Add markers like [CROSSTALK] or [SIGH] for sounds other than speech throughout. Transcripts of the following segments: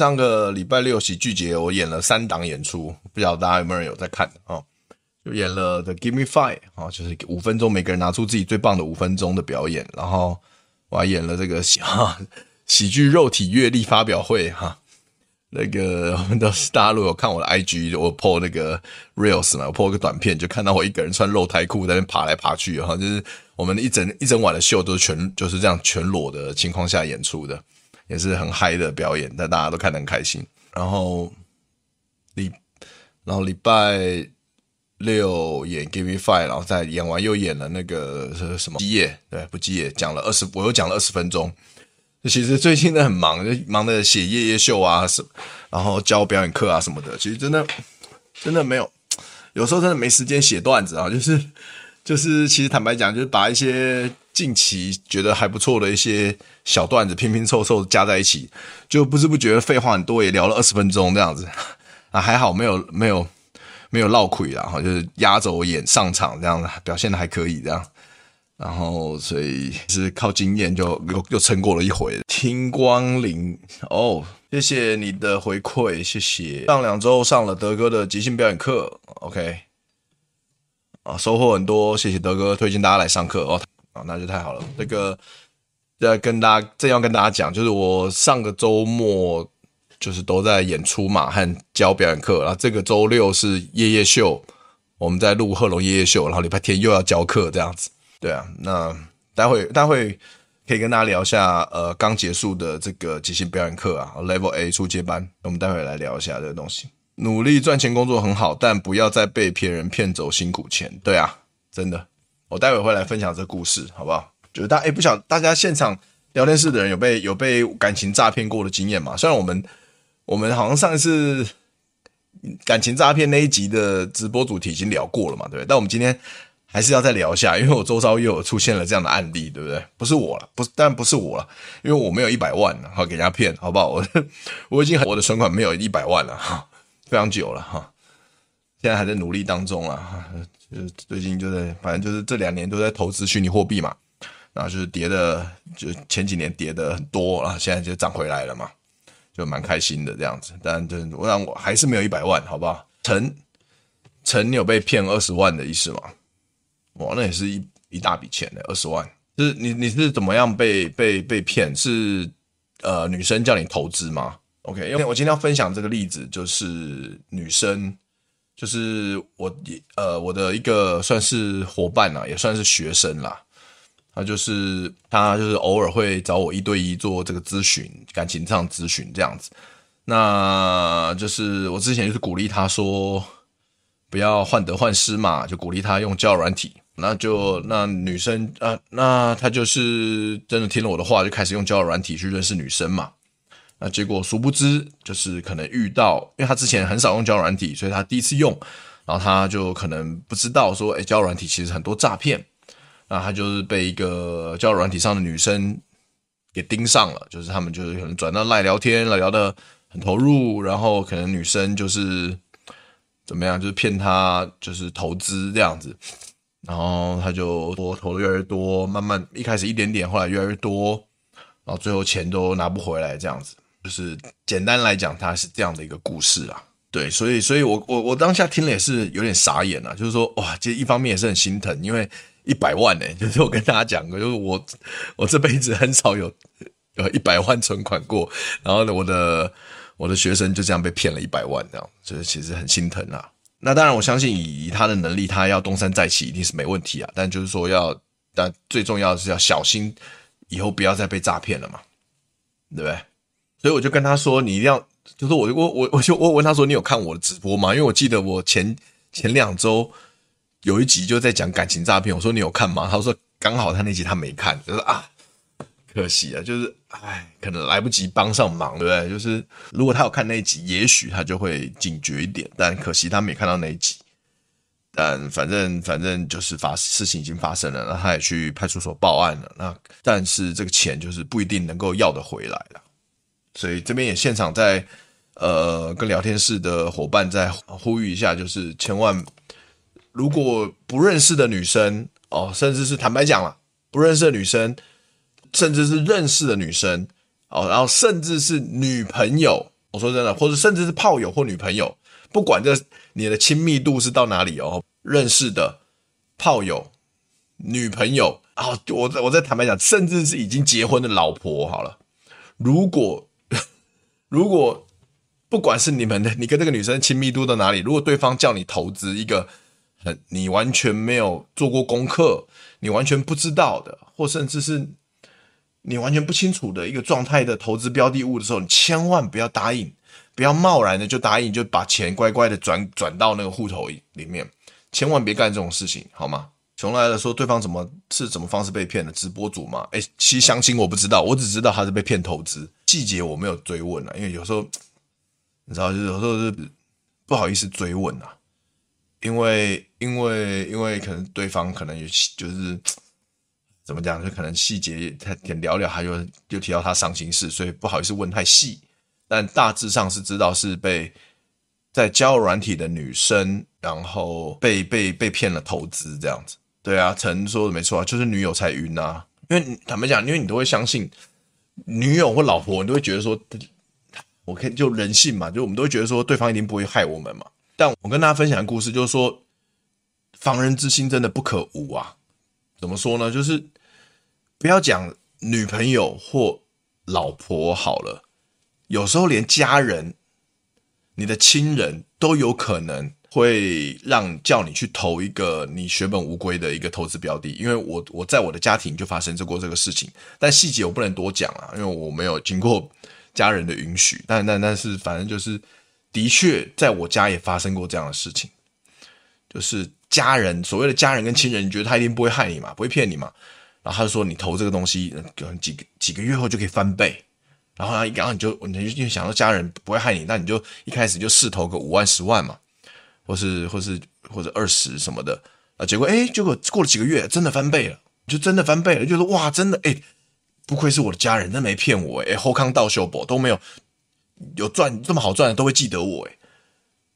上個禮拜六喜劇節，我演了三檔演出，不知道大家有沒有人有在看啊、哦？就演了《The Give Me Five、哦》啊，就是五分鐘每個人拿出自己最棒的五分鐘的表演。然後我還演了這個喜喜劇肉體閱歷發表會哈、啊。那個我們都是大家如果有看我的 IG，我 po 那個 reels 嘛，我 po 個短片，就看到我一個人穿肉胎褲在那邊爬來爬去哈、哦。就是我們一整一整晚的秀都全就是這樣全裸的情況下演出的。也是很嗨的表演，但大家都看得很開心。然後，然後禮，然後禮拜六演《Give Me Five》，然後再演完又演了那個什麼基業，對，不基業，講了二十，我又講了二十分鐘。其實最近真的很忙，就忙著寫夜夜秀啊，什，然後教表演課啊什麼的。其實真的，真的沒有，有時候真的沒時間寫段子啊，就是，就是，其實坦白講，就是把一些。近期覺得還不錯的一些小段子，拼拼湊湊加在一起，就不知不覺廢話很多，也聊了二十分鐘這樣子。啊，還好沒有沒有沒有鬧虧，然後就是壓軸演上場這樣子，表現的還可以這樣，然後所以是靠經驗就又又撐過了一回。聽光臨哦，謝謝你的回饋，謝謝上兩周上了德哥的即興表演課，OK，啊收穫很多，謝謝德哥推薦大家來上課哦。啊，那就太好了。那，這個要跟大家正要跟大家講，就是我上個週末就是都在演出嘛，和教表演課。然後這個周六是夜夜秀，我們在錄賀龍夜夜秀。然後禮拜天又要教課，這樣子。對啊，那待會待會可以跟大家聊一下，呃，剛結束的這個即興表演課啊，Level A 初階班，我們待會來聊一下這個東西。努力賺錢工作很好，但不要再被別人騙走辛苦錢。對啊，真的。我待會會來分享這個故事，好不好？就是大家，欸，不曉大家現場聊天室的人有被有被感情詐騙過的經驗嗎？雖然我們我們好像上一次感情詐騙那一集的直播主題已經聊過了嘛，對不對？但我們今天還是要再聊一下，因為我周遭又有出現了這樣的案例，對不對？不是我了，不，但不是我了，因為我沒有一百萬了，好，給人家騙，好不好？我我已經我的存款沒有一百萬了，哈，非常久了哈，現在還在努力當中啊。就是最近就是，反正就是這兩年都在投資虛擬貨幣嘛，然後就是跌的，就前幾年跌的很多，然後現在就漲回來了嘛，就蠻開心的這樣子。但就我想我還是沒有一百萬，好不好？陳，陳，你有被騙二十萬的意思嗎？哇，那也是一一大筆錢耶，二十萬。就是你你是怎麼樣被被被騙？是呃女生叫你投資嗎？OK，因為我今天要分享這個例子就是女生。就是我，呃，我的一個算是夥伴啦，也算是學生啦。他就是他就是偶爾會找我一對一做這個諮詢，感情上諮詢這樣子。那就是我之前就是鼓勵他說，不要患得患失嘛，就鼓勵他用交友軟體。那就那女生啊，那他就是真的聽了我的話，就開始用交友軟體去認識女生嘛。那結果，殊不知就是可能遇到，因為他之前很少用交軟體，所以他第一次用，然後他就可能不知道說，哎、欸，交軟體其實很多詐騙，那他就是被一個交軟體上的女生給盯上了，就是他們就是可能轉到賴聊天了，聊得很投入，然後可能女生就是怎麼樣，就是騙他就是投資這樣子，然後他就投得越來越多，慢慢一開始一點點，後來越來越多，然後最後錢都拿不回來這樣子。就是簡單來講，他是這樣的一個故事啊，對，所以，所以我，我，我當下聽了也是有點傻眼啊，就是說，哇，其實一方面也是很心疼，因為一百萬呢，欸，就是我跟大家講過，就是我，我這輩子很少有有一百萬存款過，然後呢，我的，我的學生就這樣被騙了一百萬，這樣，就是其實很心疼啊。那當然，我相信以他的能力，他要東山再起一定是沒問題啊，但就是說要，但最重要的是要小心，以後不要再被詐騙了嘛，對不對？所以我就跟他說：“你一定要，就是我我我我就我問他說：你有看我的直播嗎？因為我記得我前前兩周有一集就在講感情詐騙。我說你有看嗎？他說剛好他那集他沒看，就是啊，可惜啊，就是哎，可能來不及幫上忙，對不對？就是如果他有看那一集，也許他就會警覺一點。但可惜他沒看到那一集。但反正反正就是發事情已經發生了，那他也去派出所報案了。那但是這個錢就是不一定能夠要得回來啦。所以這邊也現場在，呃，跟聊天室的夥伴在呼籲一下，就是千萬，如果不認識的女生哦，甚至是坦白講了，不認識的女生，甚至是認識的女生哦，然後甚至是女朋友，我說真的，或者甚至是炮友或女朋友，不管這你的親密度是到哪裡哦，認識的炮友、女朋友啊、哦，我在我再在坦白講，甚至是已經結婚的老婆好了，如果。如果不管是你們的，你跟這個女生親密度到哪裡，如果對方叫你投資一個很你完全沒有做過功課、你完全不知道的，或甚至是你完全不清楚的一個狀態的投資標的物的時候，你千萬不要答應，不要貿然的就答應，就把錢乖乖的轉轉到那個戶頭裡面，千萬別幹這種事情，好嗎？從來的說對方怎麼是怎麼方式被騙的直播主嘛？哎、欸，其實相親我不知道，我只知道他是被騙投資，細節我沒有追問、啊、因為有時候你知道，就是有時候是不好意思追問啊，因為因為因為可能對方可能就是怎麼講，就可能細節太聊聊，還有就，就提到他傷心事，所以不好意思問太細，但大致上是知道是被在交友軟體的女生，然後被被被騙了投資這樣子。對啊，陳說的沒錯啊，就是女友才暈吶、啊，因為坦白講，因為你都會相信女友或老婆，你都會覺得說，我可以，就人性嘛，就我們都會覺得說，對方一定不會害我們嘛。但我跟大家分享的故事就是說，防人之心真的不可無啊。怎麼說呢？就是不要講女朋友或老婆好了，有時候連家人、你的親人都有可能。會讓叫你去投一個你血本無歸的一個投資標的，因為我我在我的家庭就發生過這個事情，但細節我不能多講啊，因為我沒有經過家人的允許。但但但是，反正就是的確在我家也發生過這樣的事情，就是家人所謂的家人跟親人，你覺得他一定不會害你嘛，不會騙你嘛？然後他就說你投這個東西，可能幾個幾個月後就可以翻倍，然後然後你就你就想到家人不會害你，那你就一開始就試投個五萬、十萬嘛。或是或是或者二十什麼的啊，結果哎、欸，結果過了幾個月，真的翻倍了，就真的翻倍了，就是哇，真的哎、欸，不愧是我的家人，真沒騙我哎、欸，後康道修博都沒有有賺這麼好賺的，都會記得我、欸、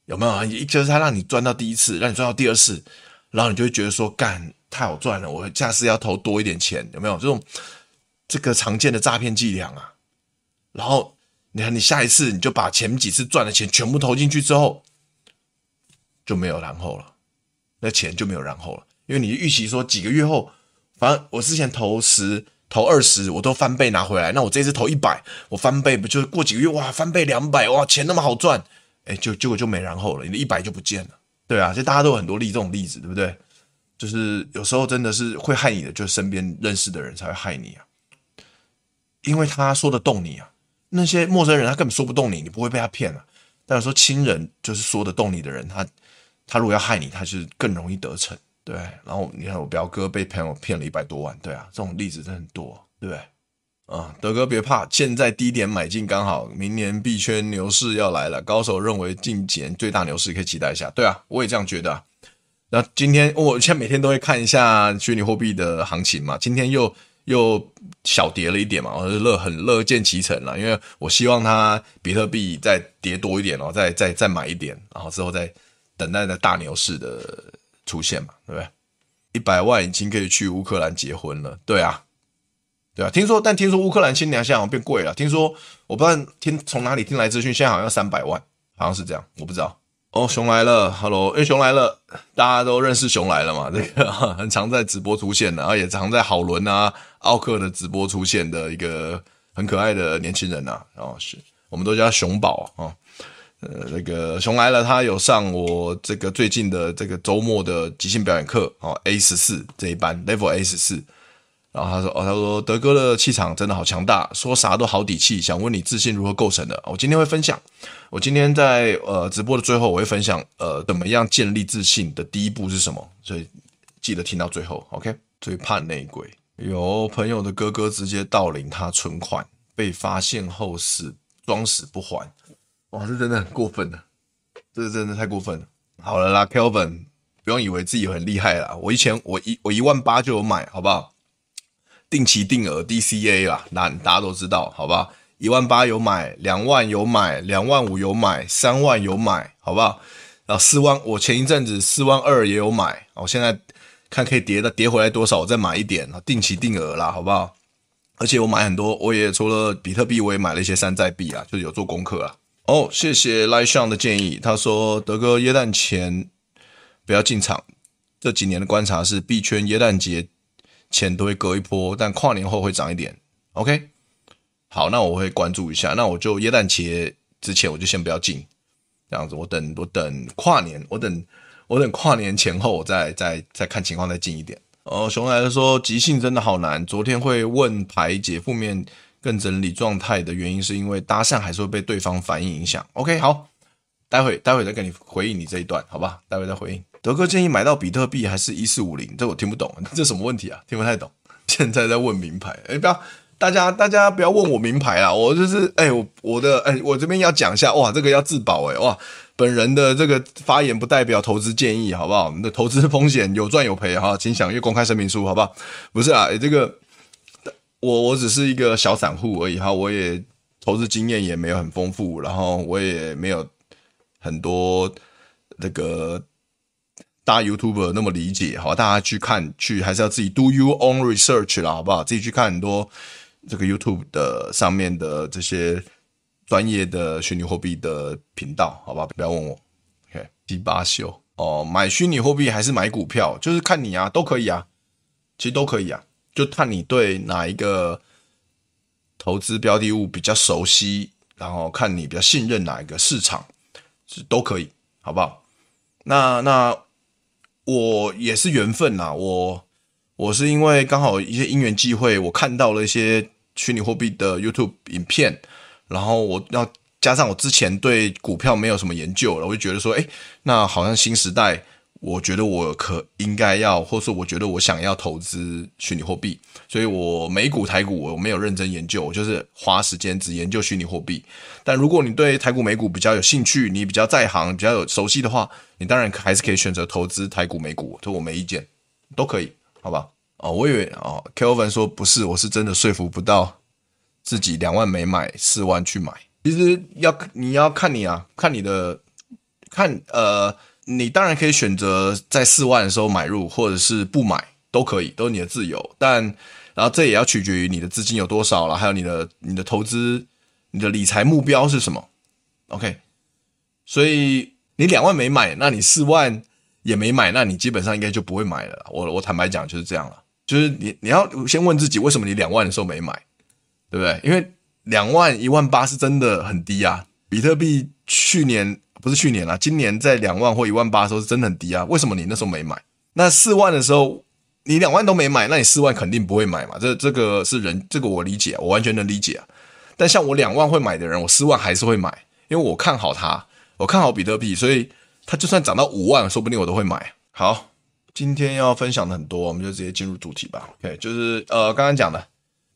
有沒有？就是他讓你賺到第一次，讓你賺到第二次，然後你就會覺得說，幹，太好賺了，我下次要投多一點錢，有沒有？這種這個常見的詐騙伎倆啊，然後你看你下一次你就把前幾次賺的錢全部投進去之後。就沒有然後了，那錢就沒有然後了，因為你預期說幾個月後，反正我之前投十、投二十，我都翻倍拿回來，那我這次投一百，我翻倍不就是過幾個月哇，翻倍兩百哇，錢那麼好賺，哎、欸，就結果就沒然後了，你的一百就不見了，對啊，就大家都有很多例這種例子，對不對？就是有時候真的是會害你的，就是身邊認識的人才會害你啊，因為他說得動你啊，那些陌生人他根本說不動你，你不會被他騙了、啊。但說親人就是說得動你的人，他。他如果要害你，他是更容易得逞，對。然後你看我表哥被朋友騙了一百多萬，對啊，這種例子真的很多，對不對？啊、嗯，德哥別怕，現在低點買進剛好，明年幣圈牛市要來了，高手認為近幾年最大牛市可以期待一下，對啊，我也這樣覺得、啊。那今天我現在每天都會看一下虛擬貨幣的行情嘛，今天又又小跌了一點嘛，我就樂很樂見其成了，因為我希望它比特幣再跌多一點，然後再再再買一點，然後之後再。等待的大牛市的出現嘛，對不對？一百萬已經可以去烏克蘭結婚了，對啊，對啊。聽說，但聽說烏克蘭新娘現在好像變貴了。聽說，我不知道聽從哪裡聽來資訊，現在好像要三百萬，好像是這樣，我不知道。哦，熊來了，哈嘍，因為熊來了，大家都認識熊來了嘛？這個很常在直播出現的、啊，也常在好倫啊、奧克的直播出現的一個很可愛的年輕人啊，然、哦、後是我們都叫他熊寶啊。哦呃，那、這個熊來了，他有上我這個最近的這個周末的即興表演課哦，A 十四這一班，Level A 十四。然後他說哦，他說德哥的氣場真的好強大，說啥都好底氣。想問你自信如何構成的？我、哦、今天會分享。我今天在呃直播的最後，我會分享呃怎麼樣建立自信的第一步是什麼。所以記得聽到最後，OK？最怕內鬼，有朋友的哥哥直接盜領他存款，被發現後死裝死不還。哇，這真的很過分了，這是真的太過分了。好了啦，Kelvin，不用以為自己很厲害啦，我以前我一我一萬八就有買，好不好？定期定額 DCA 啦，那，大家都知道，好吧？一萬八有買，兩萬有買，兩萬五有買，三萬有買，好不好？然後四萬，我前一陣子四萬二也有買。我現在看可以跌的跌回來多少，我再買一點啊，定期定額啦，好不好？而且我買很多，我也除了比特幣，我也買了一些山寨幣啊，就有做功課啊。哦、oh，謝謝賴尚的建議。他說：“德哥，耶誕前不要進場。這幾年的觀察是，幣圈耶誕節前都會割一波，但跨年後會漲一點。” OK，好，那我會關注一下。那我就耶誕節之前，我就先不要進，這樣子我。我等我等跨年，我等我等跨年前後我再，再再再看情況再進一點。哦、oh，熊孩子說，即興真的好難。昨天會問排解負面。更整理狀態的原因是因為搭訕還是會被對方反應影響？OK，好，待會待會再跟你回應你這一段，好吧？待會再回應。德哥建議買到比特幣還是一四五零？這我聽不懂、啊，這什麼問題啊？聽不太懂。現在在問名牌，哎，不要，大家大家不要問我名牌啊，我就是哎、欸，我我的哎、欸，我這邊要講一下，哇，這個要自保哎、欸，哇，本人的這個發言不代表投資建議，好不好？我們的投資風險有賺有賠哈，請詳閱公開說明書，好不好？不，不是啊、欸，這個。我我只是一個小散戶而已哈，我也投資經驗也沒有很豐富，然後我也沒有很多那個大 YouTuber 那麼理解哈，大家去看去還是要自己 do your own research 啦，好不好？自己去看很多這個 YouTube 的上面的這些專業的虛擬貨幣的頻道，好吧好？不要問我，OK？第八秀哦、呃，買虛擬貨幣還是買股票，就是看你啊，都可以啊，其實都可以啊。就看你對哪一個投資標的物比較熟悉，然後看你比較信任哪一個市場是都可以，好不好？那那我也是緣分吶，我我是因為剛好一些因緣際會，我看到了一些虛擬貨幣的 YouTube 影片，然後我要加上我之前對股票沒有什麼研究，然後我就覺得說，哎、欸，那好像新時代。我覺得我可應該要，或是我覺得我想要投資虛擬貨幣，所以我美股台股我沒有認真研究，我就是花時間只研究虛擬貨幣。但如果你對台股美股比較有興趣，你比較在行，比較有熟悉的話，你當然還是可以選擇投資台股美股，這我沒意見，都可以，好吧？哦，我以為哦，Kelvin 說不是，我是真的說服不到自己兩萬沒買，四萬去買。其實要你要看你啊，看你的看呃。你當然可以選擇在四萬的時候買入，或者是不買，都可以，都是你的自由。但然後這也要取決於你的資金有多少了，還有你的你的投資、你的理財目標是什麼。OK，所以你兩萬沒買，那你四萬也沒買，那你基本上應該就不會買了。我我坦白講就是這樣了，就是你你要先問自己為什麼你兩萬的時候沒買，對不對？因為兩萬一萬八是真的很低啊，比特幣去年，不是去年啦，啊，今年在兩萬或一萬八的時候是真的很低啊！為什麼你那時候沒買？那四萬的時候你兩萬都沒買，那你四萬肯定不會買嘛。這這個是人，這個我理解，我完全能理解，啊。但像我兩萬會買的人，我四萬還是會買，因為我看好它，我看好比特幣，所以它就算漲到五萬，說不定我都會買。好，今天要分享的很多，我們就直接進入主題吧。OK，就是呃剛剛講的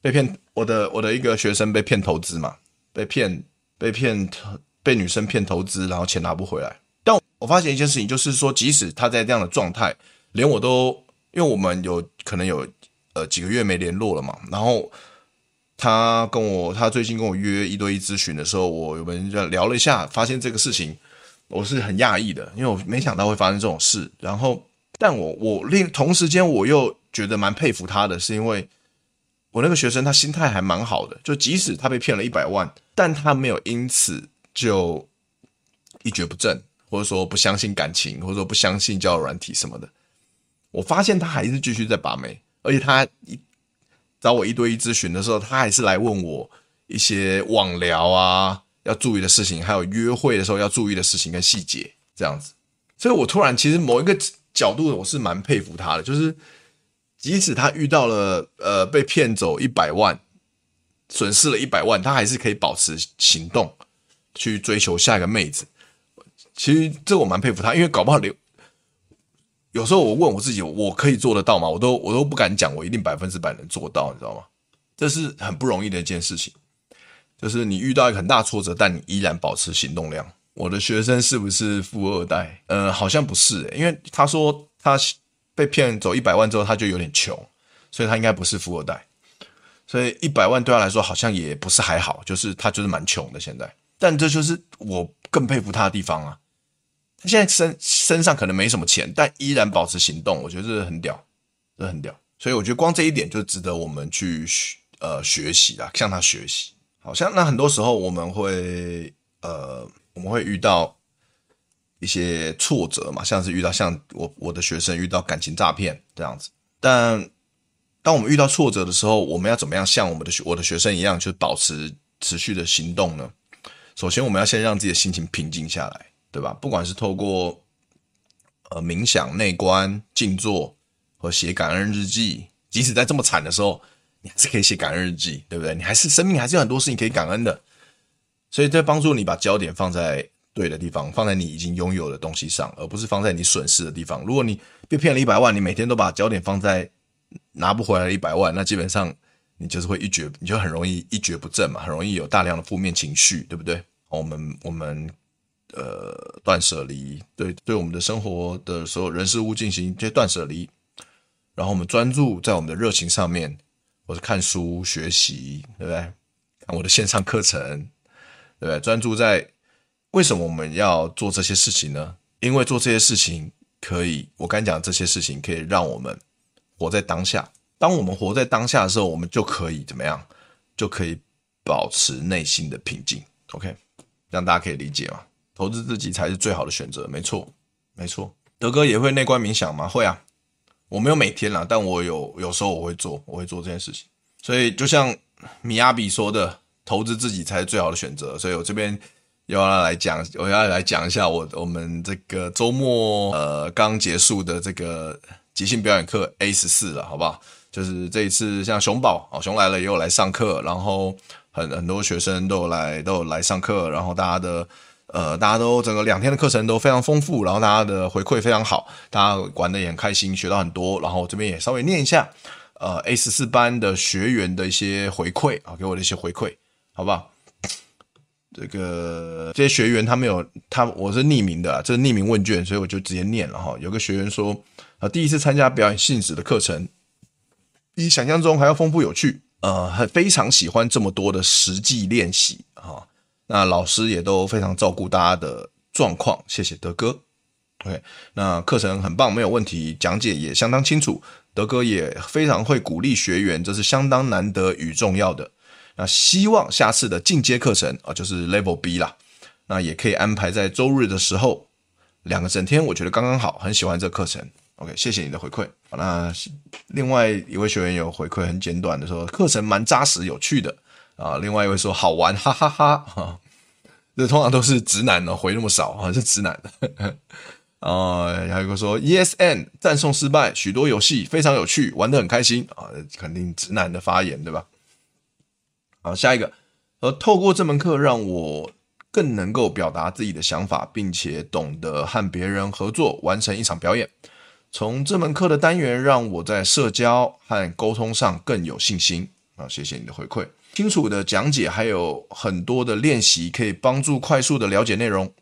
被騙，我的我的一個學生被騙投資嘛，被騙被騙投。被女生騙投資，然後錢拿不回來。但我發現一件事情，就是說，即使他在這樣的狀態，連我都，因為我們有可能有呃幾個月沒聯絡了嘛。然後他跟我，他最近跟我約一對一諮詢的時候，我們聊了一下，發現這個事情，我是很訝異的，因為我沒想到會發生這種事。然後，但我我另同時間，我又覺得蠻佩服他的，是因為我那個學生他心態還蠻好的，就即使他被騙了一百萬，但他沒有因此就一蹶不振，或者說不相信感情，或者說不相信交友軟體什麼的。我發現他還是繼續在把妹，而且他一找我一對一諮詢的時候，他還是來問我一些網聊啊要注意的事情，還有約會的時候要注意的事情跟細節這樣子。所以我突然其實某一個角度，我是蠻佩服他的，就是即使他遇到了呃被騙走一百萬，損失了一百萬，他還是可以保持行動。去追求下一個妹子，其實這我蠻佩服他，因為搞不好留，有時候我問我自己，我可以做得到嗎？我都我都不敢講，我一定百分之百能做到，你知道嗎？這是很不容易的一件事情，就是你遇到一個很大挫折，但你依然保持行動量。我的學生是不是富二代？嗯，好像不是欸，因為他說他被騙走一百萬之後，他就有點窮，所以他應該不是富二代，所以一百萬對他來說好像也不是還好，就是他就是蠻窮的現在。但這就是我更佩服他的地方啊！他現在身身上可能沒什麼錢，但依然保持行動，我覺得這是很屌，這很屌。所以我覺得光這一點就值得我們去呃學習啊，向他學習。好像那很多時候我們會呃我們會遇到一些挫折嘛，像是遇到像我我的學生遇到感情詐騙這樣子。但當我們遇到挫折的時候，我們要怎麼樣像我們的學我的學生一樣，去保持持續的行動呢？首先，我們要先讓自己的心情平靜下來，對吧？不管是透過呃冥想、內觀、靜坐和寫感恩日記，即使在這麼慘的時候，你還是可以寫感恩日記，對不對？你還是生命，還是有很多事情可以感恩的。所以，在幫助你把焦點放在對的地方，放在你已經擁有的東西上，而不是放在你損失的地方。如果你被騙了一百萬，你每天都把焦點放在拿不回來的一百萬，那基本上。你就是會一蹶，你就很容易一蹶不振嘛，很容易有大量的負面情緒，對不對？我們我們呃斷舍離，對對，我們的生活的所有人事物進行一些斷舍離，然後我們專注在我們的熱情上面，或者看書學習，對不對？看、啊、我的線上課程，對不對？專注在為什麼我們要做這些事情呢？因為做這些事情可以，我剛講這些事情可以讓我們活在當下。當我們活在當下的時候，我們就可以怎麼樣？就可以保持內心的平靜。OK，讓大家可以理解嘛？投資自己才是最好的選擇，沒錯，沒錯。德哥也會內觀冥想嗎？會啊，我沒有每天啦，但我有，有時候我會做，我會做這件事情。所以就像米亞比說的，投資自己才是最好的選擇。所以我這邊又要來講，我要來講一下我我們這個週末呃剛結束的這個即興表演課 A 十四了，好不好？就是這一次，像熊寶啊，熊來了也有來上課，然後很很多學生都有來都有來上課，然後大家的呃，大家都整個兩天的課程都非常豐富，然後大家的回饋非常好，大家玩得也很開心，學到很多，然後我這邊也稍微念一下，呃，A 十四班的學員的一些回饋啊，給我的一些回饋，好不好？這個這些學員他們有他我是匿名的，這是匿名問卷，所以我就直接念了哈。有個學員說啊，第一次參加表演性質的課程。比想象中還要豐富有趣，呃，很非常喜歡這麼多的實際練習啊、哦。那老師也都非常照顧大家的狀況，謝謝德哥。OK，那課程很棒，沒有問題，講解也相當清楚。德哥也非常會鼓勵學員，這是相當難得與重要的。那希望下次的進階課程啊、哦，就是 Level B 啦，那也可以安排在周日的時候，兩個整天，我覺得剛剛好，很喜歡這課程。OK，謝謝你的回饋。好，那另外一位學員有回饋，很簡短的說，課程蠻扎實、有趣的啊。另外一位說好玩，哈哈哈，哈、啊、這通常都是直男的、哦、回那麼少啊，是直男的 [LAUGHS] 啊。還有一個說，Yes and 讚頌失敗，許多遊戲非常有趣，玩得很開心啊。肯定直男的發言對吧？好，下一個，呃，透過這門課，讓我更能夠表達自己的想法，並且懂得和別人合作完成一場表演。從這門課的單元，讓我在社交和溝通上更有信心啊！謝謝你的回饋，清楚的講解還有很多的練習，可以幫助快速的了解內容。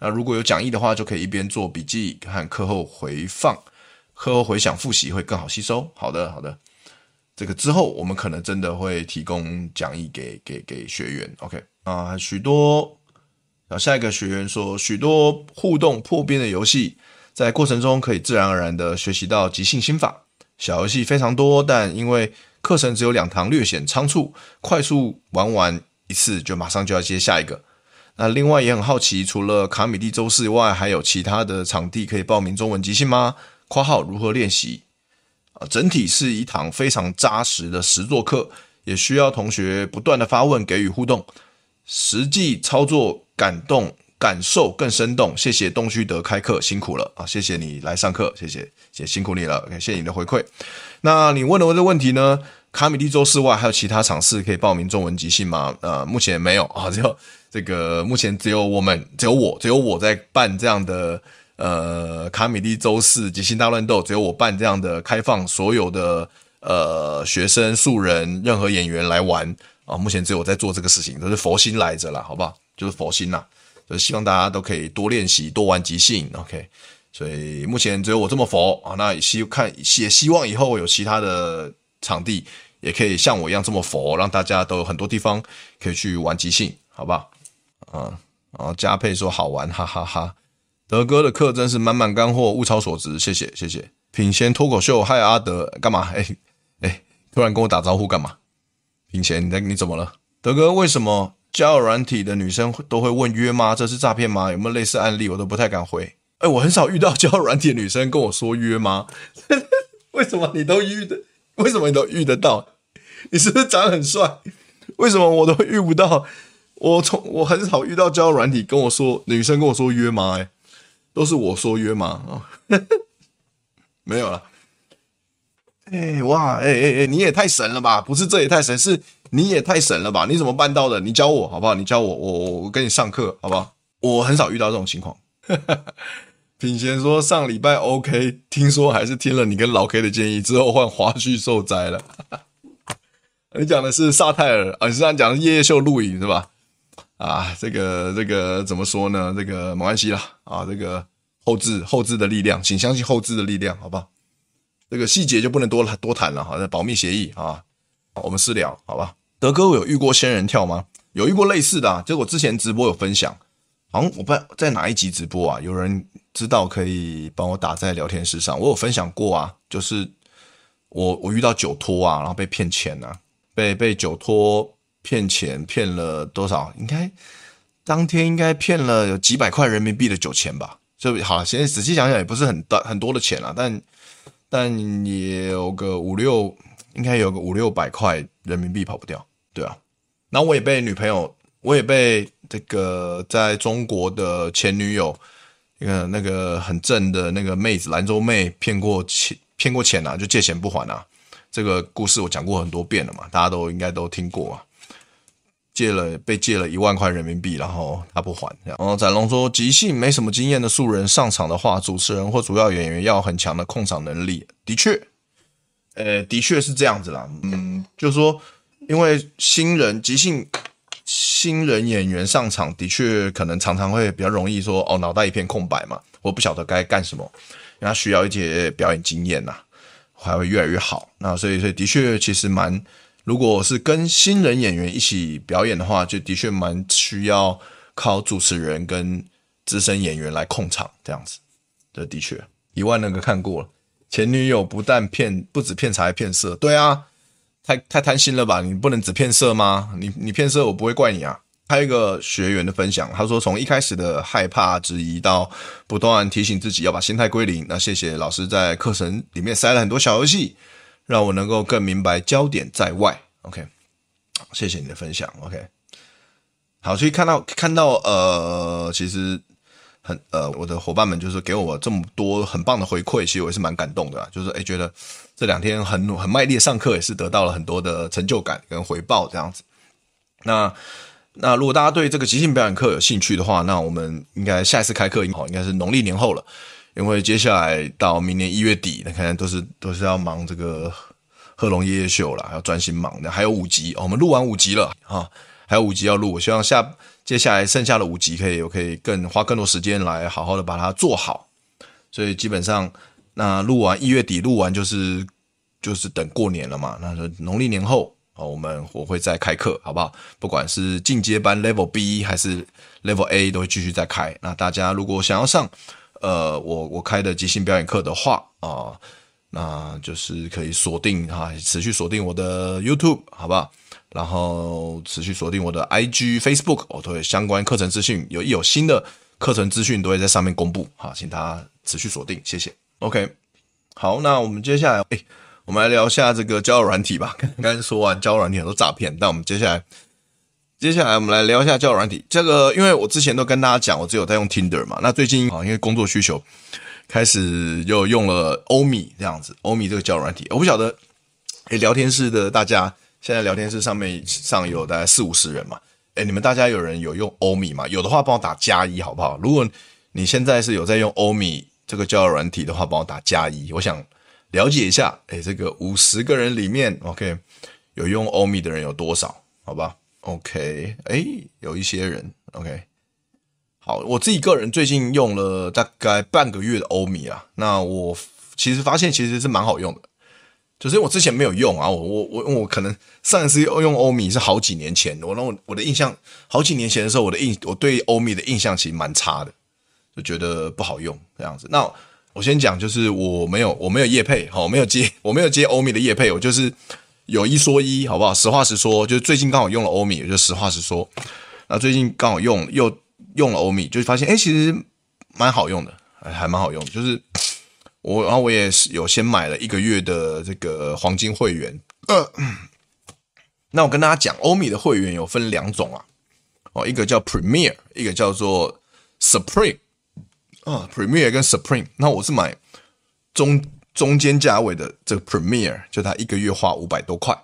那，啊，如果有講義的話，就可以一邊做筆記和課後回放，課後回想複習會更好吸收。好的，好的，這個之後我們可能真的會提供講義給給給學員。OK 啊，許多啊，下一個學員說許多互動破冰的遊戲。在過程中可以自然而然地學習到即興心法，小遊戲非常多，但因為課程只有兩堂，略顯倉促，快速玩完一次就馬上就要接下一個。那另外也很好奇，除了卡米蒂週四以外，還有其他的場地可以報名中文即興嗎？括號如何練習？啊，整體是一堂非常扎實的實作課，也需要同學不斷地發問，給予互動，實際操作感動。感受更生動，謝謝東區德開課辛苦了啊！謝謝你來上課，謝謝也辛苦你了。OK，謝謝你的回饋。那你問的我的問題呢？卡米地週四外還有其他場次可以報名中文即興嗎？呃，目前沒有啊，只有這個目前只有我們只有我只有我在辦這樣的呃卡米地週四即興大亂鬥，只有我辦這樣的開放所有的呃學生素人任何演員來玩啊。目前只有我在做這個事情，都、就是佛心來着了，好不好？就是佛心吶、啊。所以希望大家都可以多練習，多玩即興，OK。所以目前只有我這麼佛啊，那也希看也希望以後有其他的場地也可以像我一樣這麼佛，讓大家都有很多地方可以去玩即興，好不好？啊、嗯，然後加配說好玩，哈哈哈，哈。德哥的課真是滿滿乾貨，物超所值，謝謝謝謝。品賢脫口秀，嗨阿德幹嘛？哎、欸、哎、欸，突然跟我打招呼幹嘛？品賢，你你怎麼了？德哥為什麼？交友軟體的女生都會問約嗎？這是詐騙嗎？有沒有類似案例？我都不太敢回。哎、欸，我很少遇到交友軟體的女生跟我說約嗎？ [LAUGHS] 為什麼你都遇的？為什麼你都遇得到？你是不是長得很帥？為什麼我都遇不到？我從我很少遇到交友軟體跟我說女生跟我說約嗎？哎，都是我說約嗎？ [LAUGHS] 沒有啦。哎、欸、哇！哎哎哎，你也太神了吧？不是，這也太神是。你也太神了吧！你怎麼辦到的？你教我好不好？你教我，我我我跟你上課好不好？我很少遇到這種情況。 [LAUGHS] 品賢說上禮拜 OK，聽說還是聽了你跟老 K 的建議之後換花絮受災了。 [LAUGHS] 你講的是薩泰爾啊？你是講的是夜夜秀錄影是吧？啊，這個這個怎麼說呢？這個沒關係了啊，這個後製後製的力量，請相信後製的力量，好不好？這個細節就不能多多談了哈，保密協議啊，我們私聊，好吧？德哥，我有遇過仙人跳嗎？有遇過類似的啊？就我之前直播有分享，好像我不知道在哪一集直播啊？有人知道可以幫我打在聊天室上。我有分享過啊，就是我我遇到酒托啊，然後被騙錢啊。被被酒托騙錢，騙了多少？應該當天應該騙了有幾百塊人民幣的酒錢吧？就好，現在仔細想想也不是很大很多的錢了，啊，但但也有個五六，應該有個五六百塊人民幣跑不掉。對啊，那我也被女朋友，我也被這個在中國的前女友，呃，那個很正的那個妹子蘭州妹騙過錢，騙過錢啊，就借錢不還啊。這個故事我講過很多遍了嘛，大家都應該都聽過啊。借了被借了一萬塊人民幣，然後他不還。然後展龍說，即興沒什麼經驗的素人上場的話，主持人或主要演員要很強的控場能力。的確，呃，的確是這樣子啦。嗯，就是說。因為新人，即興新人演員上場的確可能常常會比較容易說哦，腦袋一片空白嘛，我不曉得該幹什麼，因為他需要一些表演經驗吶、啊，還會越來越好。那所以所以的確其實蠻，如果是跟新人演員一起表演的話，就的確蠻需要靠主持人跟資深演員來控場這樣子的。就是、的確，一萬那個看過了，前女友不但騙不止騙財還騙色，對啊。太太貪心了吧？你不能只騙色嗎？你你騙色，我不會怪你啊。還有一個學員的分享，他說從一開始的害怕、質疑，到不斷提醒自己要把心態歸零。那謝謝老師在課程裡面塞了很多小遊戲，讓我能夠更明白焦點在外。OK，謝謝你的分享。OK，好，所以看到看到呃，其實。很呃，我的伙伴們就是給我這麼多很棒的回饋，其實我也是蠻感動的啦，就是誒，覺得這兩天很很賣力的上課，也是得到了很多的成就感跟回報這樣子。那那如果大家對這個即興表演課有興趣的話，那我們應該下一次開課好應,應該是農曆年後了，因為接下來到明年一月底，那可能都是都是要忙這個賀瓏夜夜秀了，還要專心忙的。那還有五集，哦，我們錄完五集了哈，哦，還有五集要錄，我希望下。接下來剩下的五集可以，我可以更花更多時間來好好的把它做好。所以基本上，那錄完一月底錄完就是就是等過年了嘛。那就農曆年後啊，我們我會再開課，好不好？不管是進階班 Level B 還是 Level A，都會繼續再開。那大家如果想要上呃我我開的即興表演課的話啊、呃，那就是可以鎖定哈、啊，持續鎖定我的 YouTube，好不好？然後持續鎖定我的 IG、Facebook 哦，對，相關課程資訊，有有新的課程資訊都會在上面公布，好，請大家持續鎖定，謝謝。OK，好，那我們接下來，哎，我們來聊一下這個交友軟體吧。剛剛說完交友軟體很多詐騙，但我們接下來，接下來我們來聊一下交友軟體。這個因為我之前都跟大家講，我只有在用 Tinder 嘛，那最近好像，哦，因為工作需求開始又用了 Omi 這樣子，Omi 這個交友軟體，我，哦，不曉得，哎，聊天室的大家。現在聊天室上面上有大概四五十人嘛，哎，你們大家有人有用 Omi 嗎？有的話幫我打加一好不好？如果你現在是有在用 Omi 這個交友軟體的話，幫我打加一，我想了解一下，哎，這個五十個人裡面，OK，有用 Omi 的人有多少？好吧，OK，哎，有一些人，OK，好，我自己個人最近用了大概半個月的 Omi 啊，那我其實發現其實是蠻好用的。就是我之前沒有用啊，我我我我可能上一次用歐米是好幾年前，我那我我的印象好幾年前的時候，我的印我對歐米的印象其實蠻差的，就覺得不好用這樣子。那我先講，就是我沒有我沒有業配，好我沒有接我沒有接歐米的業配，我就是有一說一，好不好？實話實說，就是最近剛好用了歐米，就實話實說。那最近剛好用又用了歐米，就發現哎，欸，其實蠻好用的，還還蠻好用的，就是。我然後我也是有先買了一個月的這個黃金會員，呃，那我跟大家講，歐米的會員有分兩種啊，哦，一個叫 Premier，一個叫做 Supreme，啊，哦，Premier 跟 Supreme，那我是買中中間價位的這個 Premier，就他一個月花五百多塊，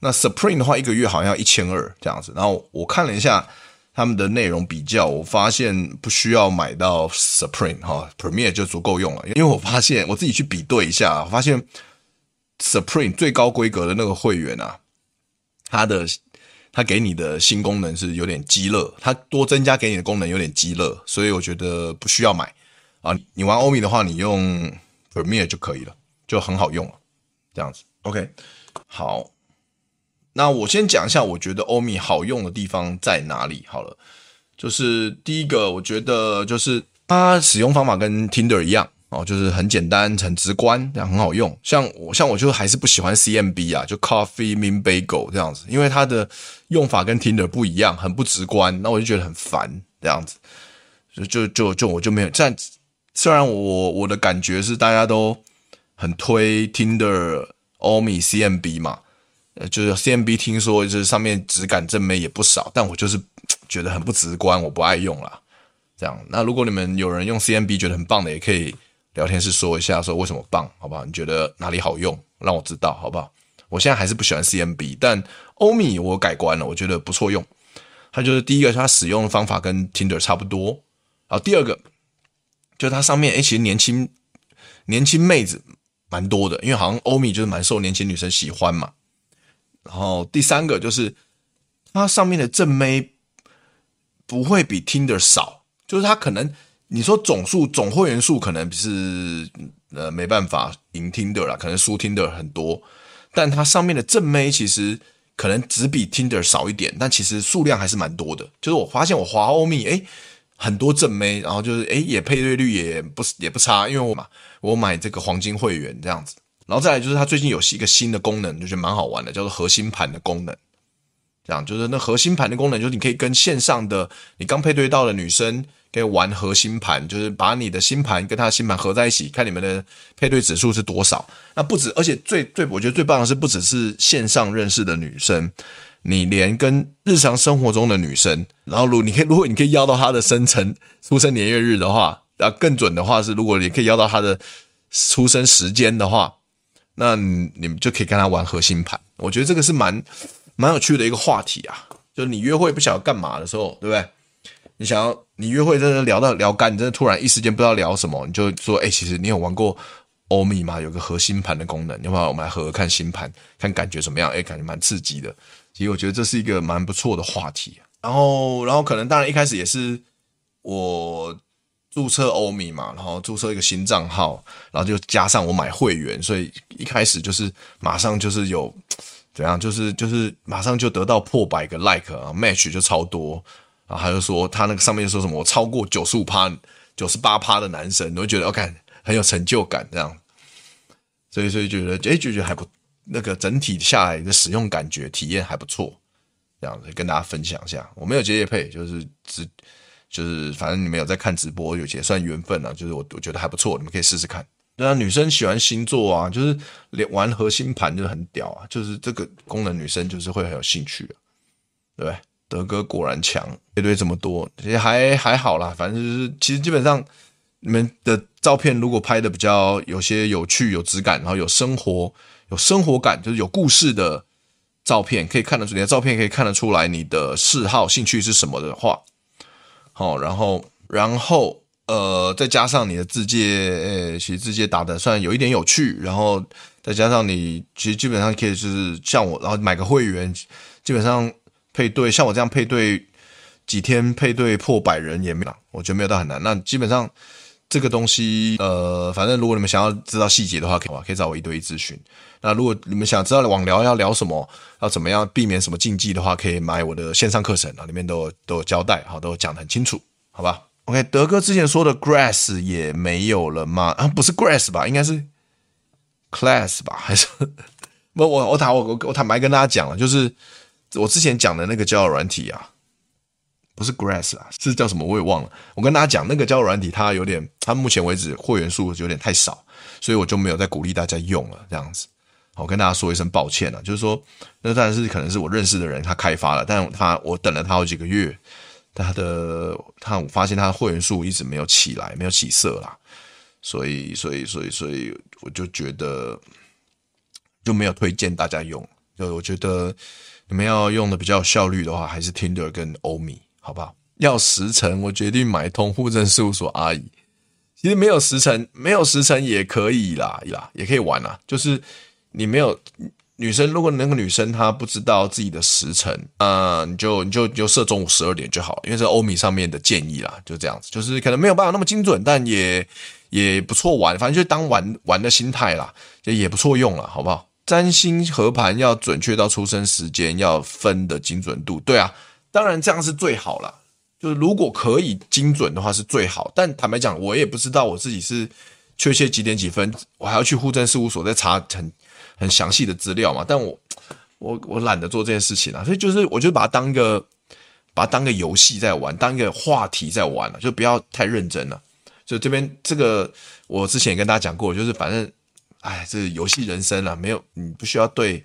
那 Supreme 的話一個月好像一千二這樣子，然後我看了一下。他們的內容比較，我發現不需要買到 Supreme 哈 Premier 就足夠用了。因為，我發現我自己去比對一下，我發現 Supreme 最高規格的那個會員啊，它的它給你的新功能是有點雞肋，它多增加給你的功能有點雞肋，所以我覺得不需要買啊。你玩 Omi 的話，你用 Premier 就可以了，就很好用了，這樣子。OK，好。那我先講一下，我覺得 Omi 好用的地方在哪裡？好了，就是第一個，我覺得就是它使用方法跟 Tinder 一樣哦，就是很簡單、很直觀，這樣很好用。像我，像我就還是不喜歡 CMB 啊，就 Coffee Meets Bagel 這樣子，因為它的用法跟 Tinder 不一樣，很不直觀，那我就覺得很煩這樣子。就就就我就沒有。這樣子，雖然我我的感覺是大家都很推 Tinder、Omi CMB 嘛。呃，就是 CMB，聽說就是上面質感正妹也不少，但我就是覺得很不直觀，我不愛用啦。這樣，那如果你們有人用 CMB 覺得很棒的，也可以聊天室說一下，說為什麼棒，好不好？你覺得哪裡好用，讓我知道，好不好？我現在還是不喜歡 CMB，但 Omi 我改觀了，我覺得不錯用。它就是第一個，它使用的方法跟 Tinder 差不多。然後第二個，就它上面，誒，其實年輕年輕妹子蠻多的，因為好像 Omi 就是蠻受年輕女生喜歡嘛。然後第三個就是，它上面的正妹不會比 Tinder 少，就是它可能你說總數總會員數可能是呃沒辦法贏 Tinder 啦，可能輸 Tinder 很多，但它上面的正妹其實可能只比 Tinder 少一點，但其實數量還是蠻多的。就是我發現我滑 Omi，誒，很多正妹，然後就是誒，也配對率也不是也不差，因為我嘛，我買這個黃金會員這樣子。然後再來就是它最近有一個新的功能，就覺得蠻好玩的，叫做核心盤的功能。這樣就是那核心盤的功能，就是你可以跟線上的你剛配對到的女生，可以玩核心盤，就是把你的星盤跟她的星盤合在一起，看你們的配對指數是多少。那不止，而且最最我覺得最棒的是，不只是線上認識的女生，你連跟日常生活中的女生，然後如你可以，如果你可以要到她的生辰、出生年月日的話，啊，更準的話是，如果你可以要到她的出生時間的話。那你們就可以跟他玩核心盤，我覺得這個是蠻，蠻有趣的一個話題啊。就是你約會不曉得幹嘛的時候，對不對？你想要你約會真的聊到聊乾，你真的突然一時間不知道聊什麼，你就說，哎、欸，其實你有玩過 Omi 嗎？有個核心盤的功能，你要不要我們來合，合看新盤，看感覺怎麼樣？哎、欸，感覺蠻刺激的。其實我覺得這是一個蠻不錯的話題、啊。然後，然後可能當然一開始也是我。註冊歐米嘛，然後註冊一個新賬號，然後就加上我買會員，所以一開始就是馬上就是有怎樣，就是就是馬上就得到破百個 like 啊，match 就超多，然後他就說他那個上面說什麼我超過九十五趴、九十八趴的男生，我就覺得 OK，很有成就感這樣，所以所以就覺得誒，就覺得還不那個，整體下來的使用感覺體驗還不錯，這樣子跟大家分享一下，我沒有接業配，就是只。就是反正你們有在看直播，有些算緣分啊，就是我我覺得還不錯，你們可以試試看。那女生喜歡星座啊，就是連玩合星盤，就很屌啊。就是這個功能，女生就是會很有興趣，啊、對吧？德哥果然強，一堆這麼多也還還好啦。反正就是其實基本上你們的照片如果拍的比較有些有趣，有質感，然後有生活、有生活感，就是有故事的照片，可以看得出你的照片，可以看得出來你的嗜好、興趣是什麼的話。好，然後，然後，呃，再加上你的自介，呃，其實自介打得算有一點有趣，然後再加上你，其實基本上可以就是像我，然後買個會員，基本上配對，像我這樣配對，幾天配對破百人也沒，我覺得沒有到很難，那基本上。這個東西，呃，反正如果你們想要知道細節的話，可以吧，可以找我一對一諮詢。那如果你們想知道網聊要聊什麼，要怎麼樣避免什麼禁忌的話，可以買我的線上課程啊，裡面都有，都有交代，好，都有講得很清楚，好吧？OK，德哥之前說的 grass 也沒有了嗎？啊，不是 grass 吧？應該是 class 吧？還是 [LAUGHS] 我我我坦我我坦白跟大家講了，就是我之前講的那個交友軟體啊。不是 grass 啦，啊，是叫什麼我也忘了。我跟大家講，那個交友軟體它有點，它目前為止會員數有點太少，所以我就沒有再鼓勵大家用了這樣子。好，我跟大家說一聲抱歉了，啊，就是說那當然是可能是我認識的人他開發了，但他我等了他好幾個月，他的他我發現他的會員數一直沒有起來，沒有起色啦，所以所以所以所以我就覺得就沒有推薦大家用。就我覺得你們要用的比較有效率的話，還是 Tinder 跟歐米。好不好？要時辰，我決定買通戶政事務所阿姨。其實沒有時辰，沒有時辰也可以啦，啦，也可以玩啦。就是你沒有女生，如果那個女生她不知道自己的時辰，嗯、呃，你就你就就設中午十二點就好，因為是歐米上面的建議啦。就這樣子，就是可能沒有辦法那麼精準，但也也不錯玩，反正就當玩玩的心態啦，就也不錯用了，好不好？占星合盤要準確到出生時間要分的精準度，對啊。當然，這樣是最好了。就是如果可以精準的話，是最好。但坦白講，我也不知道我自己是確切幾點幾分，我還要去戶政事務所再查很很詳細的資料嘛。但我我我懶得做這件事情啊，所以就是我就把它當一個把它當個遊戲在玩，當一個話題在玩了、啊，就不要太認真了、啊。就這邊這個我之前也跟大家講過，就是反正哎，這遊戲人生了、啊，沒有你不需要對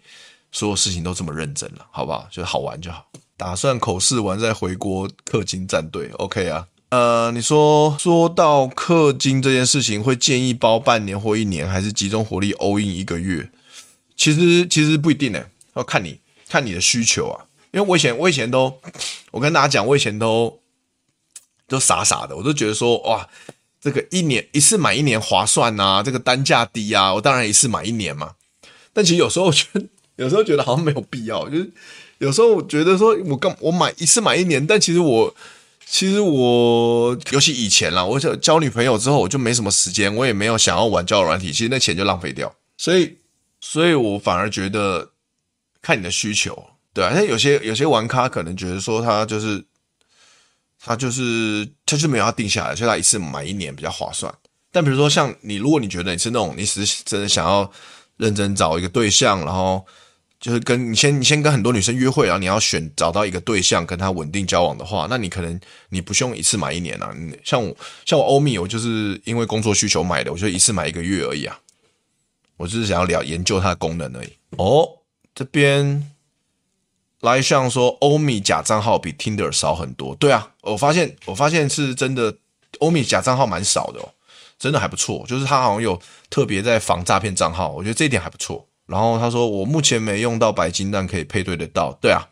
所有事情都這麼認真了、啊，好不好？就是好玩就好。打算口試完再回國氪金戰隊，OK 啊？呃，你說說到氪金這件事情，會建議包半年或一年，還是集中火力 all in 一個月？其實其實不一定呢、欸，要看你看你的需求啊。因為我以前我以前都，我跟大家講，我以前都都傻傻的，我都覺得說哇，這個一年一次買一年划算啊。這個單價低啊，我當然一次買一年嘛。但其實有時候我覺得有時候覺得好像沒有必要，就是。有時候我覺得說，我幹，我買一次買一年，但其實我其實我，尤其以前啦，我交交女朋友之後，我就沒什麼時間，我也沒有想要玩交友軟體，其實那錢就浪費掉。所以，所以我反而覺得看你的需求，對啊，像有些有些玩咖可能覺得說他、就是，他就是他就是他就沒有要定下來，所以他一次買一年比較划算。但比如說像你，如果你覺得你是那種你是真的想要認真找一個對象，然後。就是跟你先，你先跟很多女生約會，然後你要選找到一個對象，跟她穩定交往的話，那你可能你不用一次買一年啊。你像我像我 Omi，我就是因為工作需求買的，我就一次買一個月而已啊。我就是想要聊研究它的功能而已。哦，這邊來像說 Omi 假賬號比 Tinder 少很多，對啊，我發現我發現是真的，Omi 假賬號蠻少的哦，真的還不錯，就是它好像有特別在防詐騙賬號，我覺得這一點還不錯。然後他說：“我目前沒用到白金，但可以配對得到。對啊，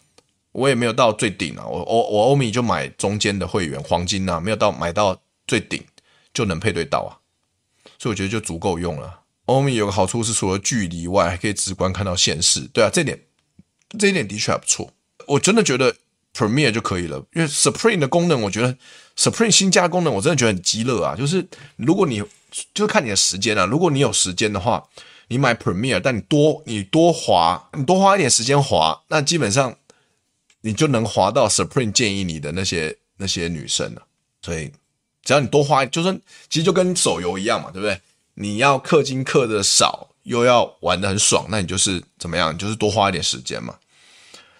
我也沒有到最頂啊。我、我、我歐米就買中間的會員黃金啊，沒有到買到最頂就能配對到啊。所以我覺得就足夠用了。歐米有個好處是，除了距離外，還可以直觀看到現實，對啊，這點，這一點的確還不錯。我真的覺得 Premiere 就可以了，因為 Supreme 的功能，我覺得 Supreme 新加功能，我真的覺得很雞肋啊。就是如果你，就是看你的時間啊，如果你有時間的話。”你買 Premier，但你多你多滑，你多花一點時間滑，那基本上你就能滑到 Supreme 建議你的那些那些女生了。所以只要你多花，就是其實就跟手遊一樣嘛，對不對？你要氪金氪的少，又要玩的很爽，那你就是怎麼樣？你就是多花一點時間嘛。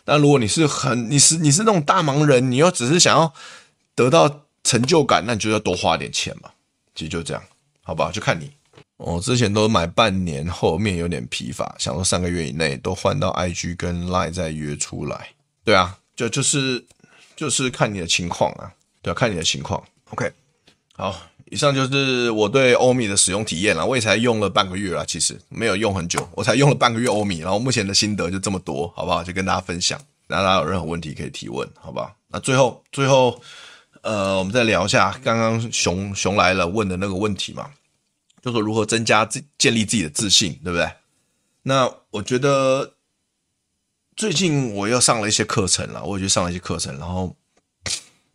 但如果你是很你是你是那種大忙人，你又只是想要得到成就感，那你就要多花點錢嘛。其實就這樣，好吧，就看你。我、哦、之前都買半年，後面有點疲乏，想說三個月以內都換到 IG 跟 line 再約出來，對啊，就就是就是看你的情況啊，對啊，看你的情況。OK，好，以上就是我對歐米的使用體驗了，我也才用了半個月啦，其實沒有用很久，我才用了半個月歐米，然後目前的心得就這麼多，好不好？就跟大家分享，然後大家有任何問題可以提問，好不好？那最後最後，呃，我們再聊一下剛剛熊熊來了問的那個問題嘛。就是、說如何增加自建立自己的自信，對不對？那我覺得最近我又上了一些課程了，我也去上了一些課程，然後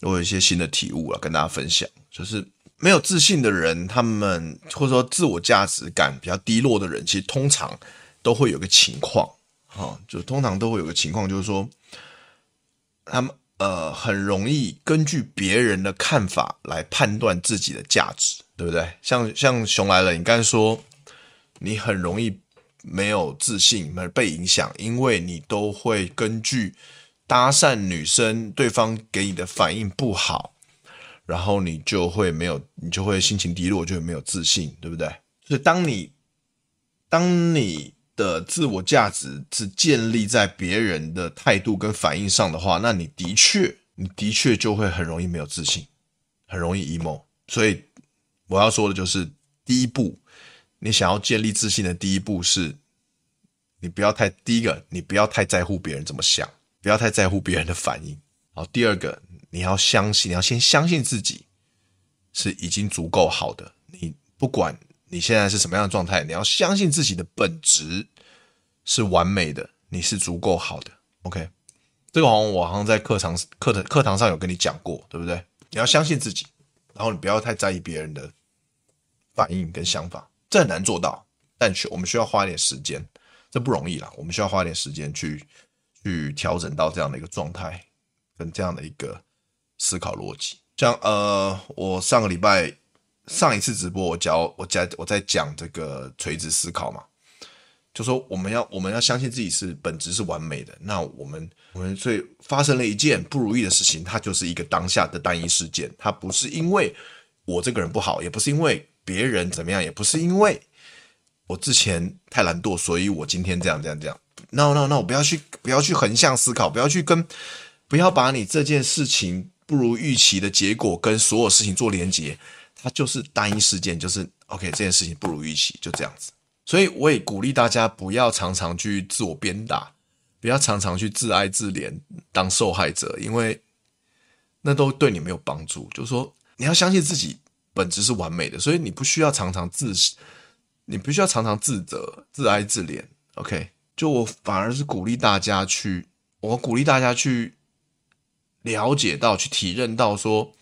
我有一些新的體悟啦，跟大家分享。就是沒有自信的人，他們或者說自我價值感比較低落的人，其實通常都會有個情況，哈、哦，就通常都會有個情況，就是說他們呃很容易根據別人的看法來判斷自己的價值。對不對？像像熊來了，你剛才說你很容易沒有自信，而被影響，因為你都會根據搭訕女生對方給你的反應不好，然後你就會沒有，你就會心情低落，就會沒有自信，對不對？所以當你當你的自我價值是建立在別人的態度跟反應上的話，那你的確你的確就會很容易沒有自信，很容易 emo，所以。我要說的就是，第一步，你想要建立自信的第一步是，你不要太第一個，你不要太在乎別人怎麼想，不要太在乎別人的反應。好，第二個，你要相信，你要先相信自己是已經足夠好的。你不管你現在是什麼樣的狀態，你要相信自己的本質是完美的，你是足夠好的。OK，這個好像我好像在課堂、課課堂上有跟你講過，對不對？你要相信自己。然後你不要太在意別人的反應跟想法，這很難做到，但卻我們需要花一點時間，這不容易啦。我們需要花點時間去去調整到這樣的一個狀態跟這樣的一個思考邏輯。像呃，我上個禮拜上一次直播我講，我教我在我在講這個垂直思考嘛，就說我們要我們要相信自己是本質是完美的，那我們我們最。發生了一件不如意的事情，它就是一個當下的單一事件，它不是因為我這個人不好，也不是因為別人怎麼樣，也不是因為我之前太懶惰，所以我今天這樣這樣這樣。No No No，不要去不要去橫向思考，不要去跟不要把你這件事情不如預期的結果跟所有事情做連結，它就是單一事件，就是 OK 這件事情不如預期就這樣子。所以我也鼓勵大家不要常常去自我鞭打。不要常常去自哀自憐當受害者，因為那都對你沒有幫助。就是說，你要相信自己本質是完美的，所以你不需要常常自，你不需要常常自責、自哀自憐。OK，就我反而是鼓勵大家去，我鼓勵大家去了解到、去體認到說，說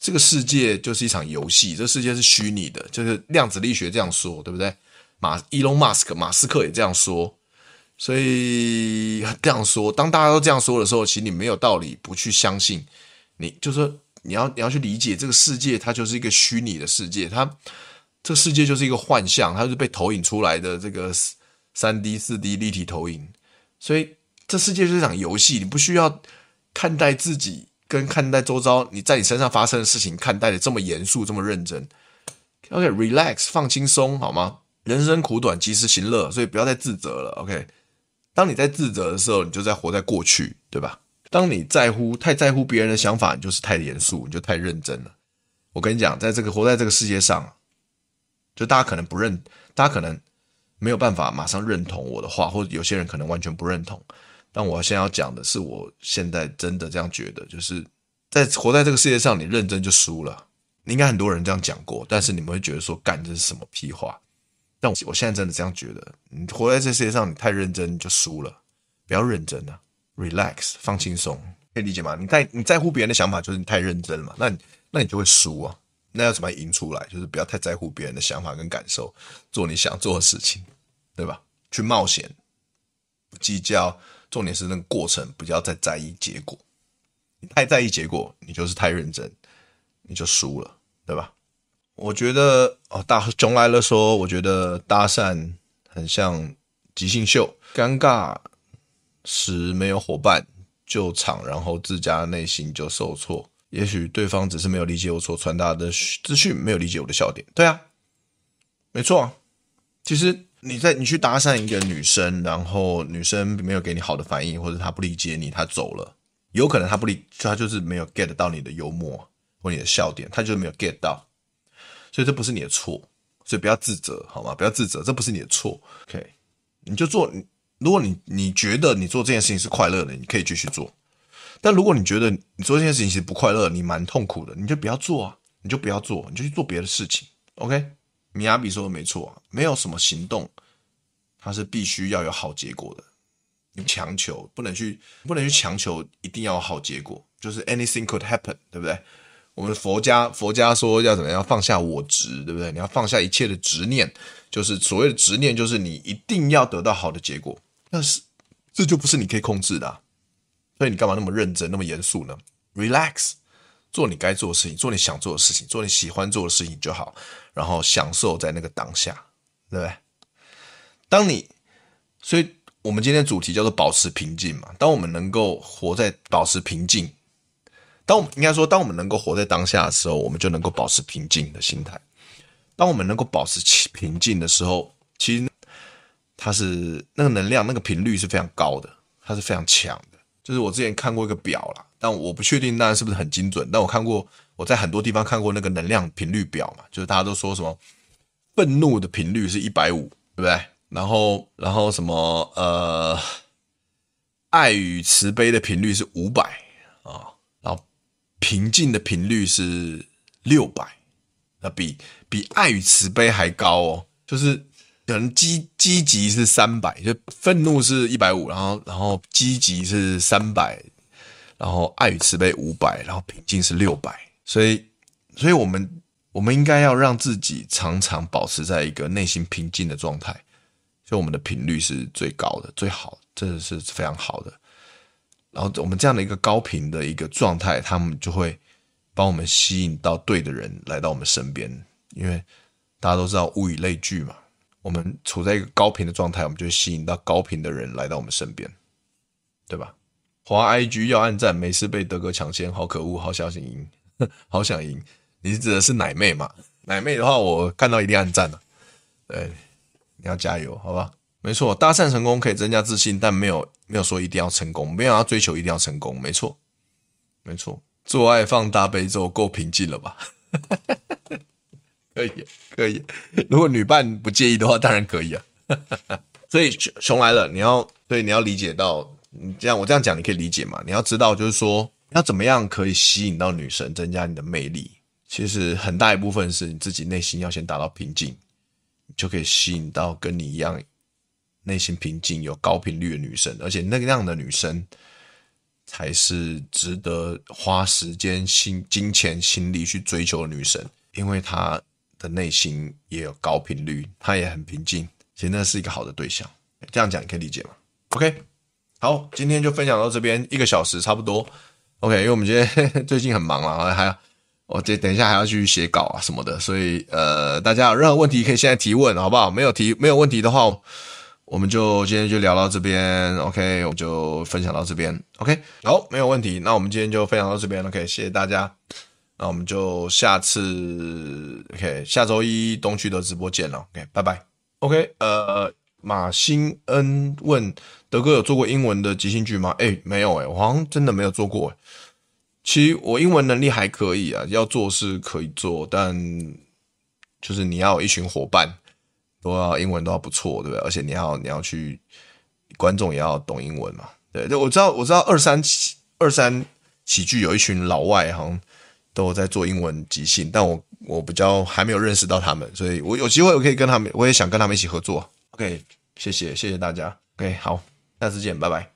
這個世界就是一場遊戲，這個、世界是虛擬的，就是量子力學這樣說，對不對？馬伊隆・馬斯克，馬斯克也這樣說。所以這樣說，當大家都這樣說的時候，其實你沒有道理不去相信。你就是說你要你要去理解這個世界，它就是一個虛擬的世界，它這個世界就是一個幻象，它就是被投影出來的這個三 D、四 D 立體投影。所以這世界就是一場遊戲，你不需要看待自己跟看待周遭你在你身上發生的事情看待的這麼嚴肅這麼認真。OK，relax，okay, 放輕鬆好嗎？人生苦短，及時行樂，所以不要再自責了。OK。當你在自責的時候，你就在活在過去，對吧？當你在乎，太在乎別人的想法，你就是太嚴肅，你就太認真了。我跟你講，在這個活在這個世界上，就大家可能不認，大家可能沒有辦法馬上認同我的話，或者有些人可能完全不認同。但我現在要講的是，我現在真的這樣覺得，就是在活在這個世界上，你認真就輸了。你應該很多人這樣講過，但是你們會覺得說，幹這是什麼屁話？但我現在真的這樣覺得，你活在這世界上，你太認真你就輸了。不要認真啊，relax 放輕鬆，可以理解嗎？你在你在乎別人的想法，就是你太認真了嘛。那你那你就會輸啊。那要怎麼贏出來？就是不要太在乎別人的想法跟感受，做你想做的事情，對吧？去冒險，不計較。重點是那個過程，不要再在意結果。你太在意結果，你就是太認真，你就輸了，對吧？我覺得哦，大熊來了說，我覺得搭訕很像即興秀，尷尬時沒有夥伴救場，然後自家內心就受挫。也許對方只是沒有理解我所傳達的資訊，沒有理解我的笑點。對啊，沒錯啊。其實你在你去搭訕一個女生，然後女生沒有給你好的反應，或者她不理解你，她走了，有可能她不理她就是沒有 get 到你的幽默或你的笑點，她就沒有 get 到。所以這不是你的錯，所以不要自責，好嗎？不要自責，這不是你的錯。OK，你就做。如果你你覺得你做這件事情是快樂的，你可以繼續做。但如果你覺得你做這件事情其實不快樂，你蠻痛苦的，你就不要做啊！你就不要做，你就去做別的事情。OK，米亞比說的沒錯啊，沒有什麼行動，它是必須要有好結果的。你強求不能去，不能去強求一定要有好結果，就是 anything could happen，對不對？我們佛家佛家說要怎麼樣？要放下我執，對不對？你要放下一切的執念，就是所謂的執念，就是你一定要得到好的結果。但是這就不是你可以控制的啊。所以你幹嘛那麼認真、那麼嚴肅呢？Relax，做你該做的事情，做你想做的事情，做你喜歡做的事情就好，然後享受在那個當下，對不對？當你所以，我們今天主題叫做保持平靜嘛，當我們能夠活在保持平靜。當我們應該說，當我們能夠活在當下的時候，我們就能夠保持平靜的心態。當我們能夠保持平靜的時候，其實它是那個能量、那個頻率是非常高的，它是非常強的。就是我之前看過一個表啦，但我不確定那是不是很精準。但我看過，我在很多地方看過那個能量頻率表嘛，就是大家都說什麼憤怒的頻率是一百五，對不對？然後，然後什麼呃，愛與慈悲的頻率是五百啊。平靜的頻率是六百，那比比愛與慈悲還高哦。就是，可能積積極是三百，就憤怒是一百五，然後然後積極是三百，然後愛與慈悲五百，然後平靜是六百。所以，所以我們我們應該要讓自己常常保持在一個內心平靜的狀態，所以我們的頻率是最高的，最好，這是非常好的。然後我們這樣的一個高頻的一個狀態，他們就會幫我們吸引到對的人來到我們身邊，因為大家都知道物以類聚嘛。我們處在一個高頻的狀態，我們就吸引到高頻的人來到我們身邊，對吧？華 IG 要按讚，每次被德哥搶先，好可惡，好小心贏，好想贏。你指的是奶妹嘛？奶妹的話，我看到一定按讚了。對，你要加油，好不好？沒錯，搭訕成功可以增加自信，但沒有沒有說一定要成功，沒有要追求一定要成功。沒錯，沒錯，做愛放大悲咒夠平靜了吧？ [LAUGHS] 可以，可以。如果女伴不介意的話，當然可以啊。 [LAUGHS] 所以熊，熊來了，你要，所以你要理解到，你這樣我這樣講，你可以理解嗎？你要知道，就是說要怎麼樣可以吸引到女神，增加你的魅力。其實很大一部分是你自己內心要先達到平靜，你就可以吸引到跟你一樣，內心平靜、有高頻率的女生，而且那個樣的女生，才是值得花時間、心、金錢、心力去追求的女生，因為她的內心也有高頻率，她也很平靜。其實那是一個好的對象，這樣講你可以理解嗎？OK，好，今天就分享到這邊，一個小時差不多。OK，因為我們今天呵呵最近很忙嘛，還我這等一下還要去寫稿啊什麼的，所以呃，大家有任何問題可以現在提問，好不好？沒有提沒有問題的話。我們就今天就聊到這邊，OK，我們就分享到這邊，OK，好，沒有問題。那我們今天就分享到這邊，OK，謝謝大家。那我們就下次，OK，下周一東區德直播見嘍，OK，拜拜。OK，呃，馬新恩問德哥有做過英文的即興劇嗎？誒，沒有誒，我好像真的沒有做過誒。其實我英文能力還可以啊，要做是可以做，但就是你要有一群伙伴。都要英文都要不錯，對不對？而且你要你要去，觀眾也要懂英文嘛。對，對，我知道我知道二三二三喜劇有一群老外好像都在做英文即興，但我我比較還沒有認識到他們，所以我有機會我可以跟他們，我也想跟他們一起合作。OK，謝謝謝謝大家。OK，好，下次見，拜拜。